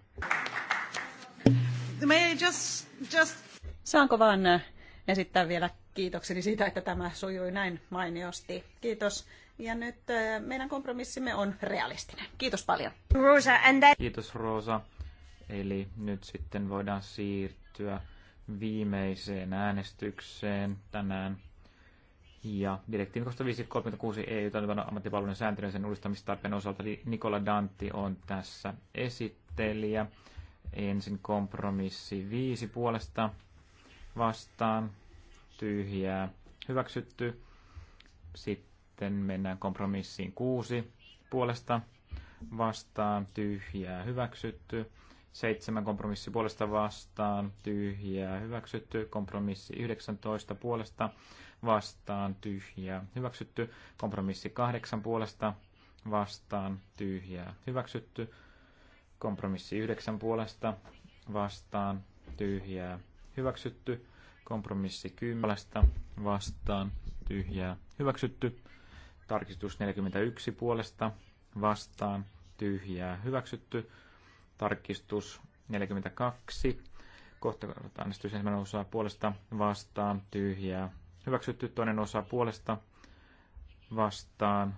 May I just, just... Saanko vaan äh, esittää vielä kiitokseni siitä, että tämä sujui näin mainiosti. Kiitos. Ja nyt äh, meidän kompromissimme on realistinen. Kiitos paljon. Rosa, and that... Kiitos Rosa. Eli nyt sitten voidaan siirtyä viimeiseen äänestykseen tänään. Ja direktiivin 2536 EU toimivan ammattipalvelujen sääntelyn sen uudistamistarpeen osalta, eli Nikola Dantti on tässä esittelijä. Ensin kompromissi 5 puolesta vastaan, tyhjää, hyväksytty. Sitten mennään kompromissiin 6 puolesta vastaan, tyhjää, hyväksytty. 7 kompromissi puolesta vastaan, tyhjää hyväksytty. Kompromissi 19 puolesta vastaan, tyhjää hyväksytty. Kompromissi 8 puolesta vastaan, tyhjää hyväksytty. Kompromissi 9 puolesta vastaan, tyhjää hyväksytty. Kompromissi 10 puolesta vastaan, tyhjää hyväksytty. Tarkistus 41 puolesta vastaan, tyhjää hyväksytty Tarkistus 42. Kohta äänestys ensimmäinen osa puolesta vastaan tyhjää. Hyväksytty toinen osa puolesta vastaan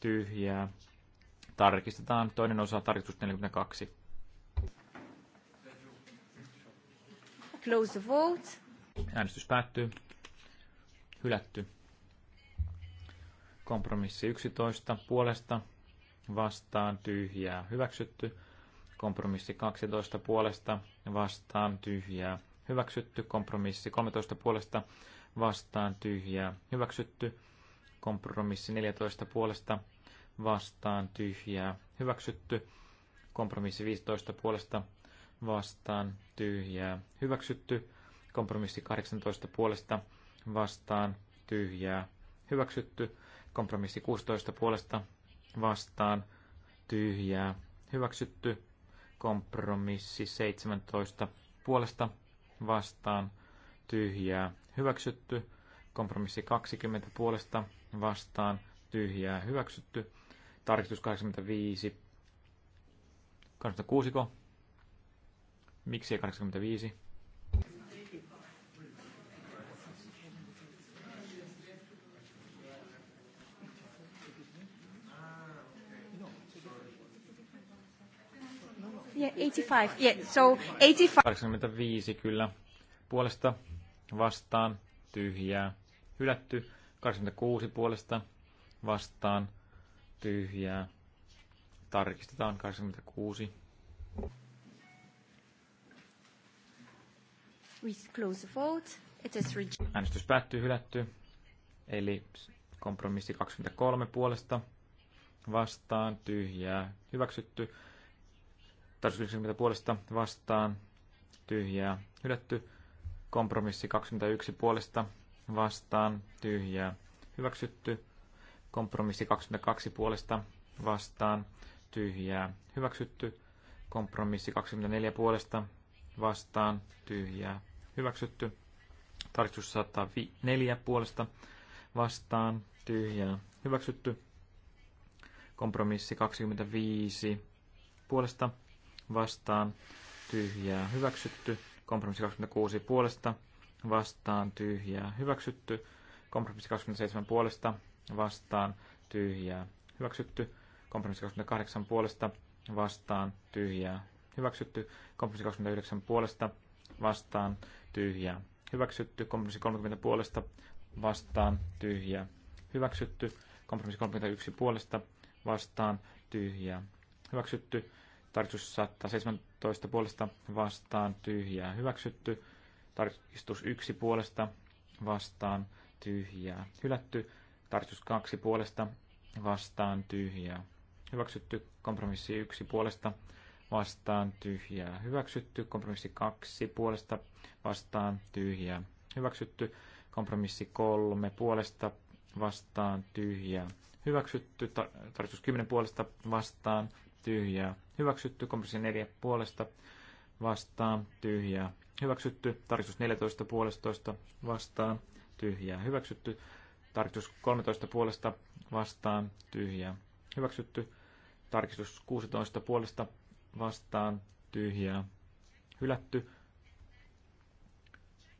tyhjää. Tarkistetaan toinen osa tarkistus 42. Close the vote. Äänestys päättyy. Hylätty. Kompromissi 11 puolesta vastaan tyhjää hyväksytty. Kompromissi 12 puolesta vastaan tyhjää. Hyväksytty. Kompromissi 13 puolesta vastaan tyhjää. Hyväksytty. Kompromissi 14 puolesta vastaan tyhjää. Hyväksytty. Kompromissi 15 puolesta vastaan tyhjää. Hyväksytty. Kompromissi 18 puolesta vastaan tyhjää. Hyväksytty. Kompromissi 16 puolesta vastaan tyhjää. Hyväksytty. Kompromissi 17 puolesta vastaan tyhjää hyväksytty. Kompromissi 20 puolesta vastaan tyhjää hyväksytty. Tarkistus 85. 86 Miksi 85? 85, yeah, so 85. 85 kyllä. Puolesta vastaan tyhjää. Hylätty. 86 puolesta vastaan tyhjää. Tarkistetaan 86. We close the vote. It is Äänestys päättyy hylätty. Eli kompromissi 23 puolesta vastaan tyhjää hyväksytty. Tarkoitus puolesta vastaan tyhjää hylätty. Kompromissi 21 puolesta vastaan tyhjää hyväksytty. Kompromissi 22 puolesta vastaan tyhjää hyväksytty. Kompromissi 24 puolesta vastaan tyhjää hyväksytty. Tarkistus 104 puolesta vastaan tyhjää hyväksytty. Kompromissi 25 puolesta vastaan tyhjää hyväksytty. Kompromissi 26 puolesta vastaan tyhjää hyväksytty. Kompromissi 27 puolesta vastaan tyhjää hyväksytty. Kompromissi 28 puolesta vastaan tyhjää hyväksytty. Kompromissi 29 puolesta vastaan tyhjää hyväksytty. Kompromissi 30 puolesta vastaan tyhjää hyväksytty. Kompromissi 31 puolesta vastaan tyhjää hyväksytty. Tarkistus 117 puolesta vastaan tyhjää hyväksytty. Tarkistus 1 puolesta vastaan tyhjää hylätty. Tarkistus 2 puolesta vastaan tyhjää hyväksytty. Kompromissi 1 puolesta vastaan tyhjää hyväksytty. Kompromissi 2 puolesta vastaan tyhjää hyväksytty. Kompromissi 3 puolesta vastaan tyhjää hyväksytty. Tarkistus 10 puolesta vastaan tyhjää hyväksytty. Kompromissi 4 puolesta vastaan tyhjää hyväksytty. Tarkistus 14 puolestoista vastaan tyhjää hyväksytty. Tarkistus 13 puolesta vastaan tyhjää hyväksytty. Tarkistus 16 puolesta vastaan tyhjää hylätty.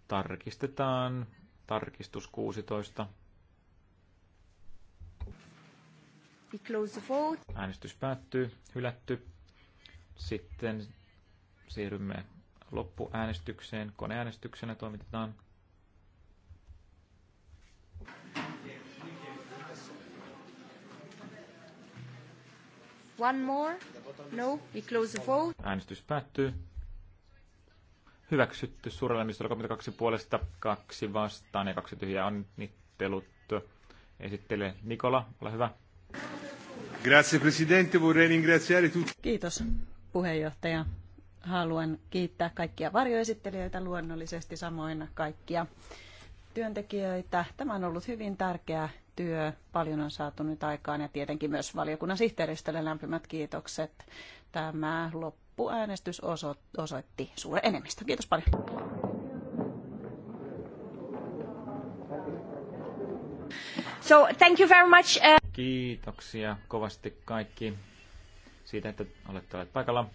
Tarkistetaan tarkistus 16. Äänestys päättyy. Hylätty. Sitten siirrymme loppuäänestykseen. Koneäänestyksenä toimitetaan. One more? No, we close the vote. Äänestys päättyy. Hyväksytty suurella enemmistöllä 32 puolesta, kaksi vastaan ja kaksi tyhjää onnittelut. Esittelee Nikola, ole hyvä. Grazie Presidente, vorrei ringraziare tutti. Kiitos puheenjohtaja. Haluan kiittää kaikkia varjoesittelijöitä luonnollisesti, samoin kaikkia työntekijöitä. Tämä on ollut hyvin tärkeä työ. Paljon on saatu nyt aikaan ja tietenkin myös valiokunnan sihteeristölle lämpimät kiitokset. Tämä loppuäänestys osoitti suuren enemmistön. Kiitos paljon. So, thank you very much. Uh, Kiitoksia kovasti kaikki siitä, että olette olleet paikalla.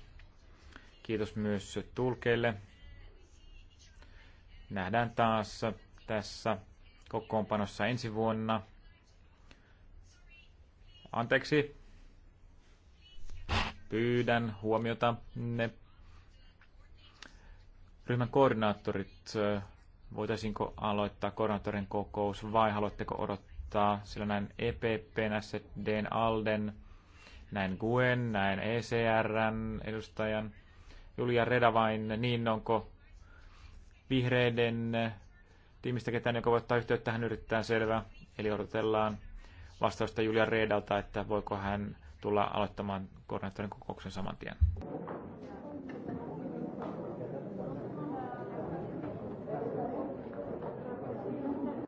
Kiitos myös tulkeille. Nähdään taas tässä kokoonpanossa ensi vuonna. Anteeksi. Pyydän huomiota ne ryhmän koordinaattorit. Voitaisiinko aloittaa koordinaattorin kokous vai haluatteko odottaa, sillä näin EPP, SDN, ALDEN, näin Guen, näin ECRn edustajan, Julia Redavain, niin onko vihreiden tiimistä ketään, joka voi ottaa yhteyttä, hän yrittää selvää. Eli odotellaan vastausta Julia Redalta, että voiko hän tulla aloittamaan koordinaattorin kokouksen saman tien.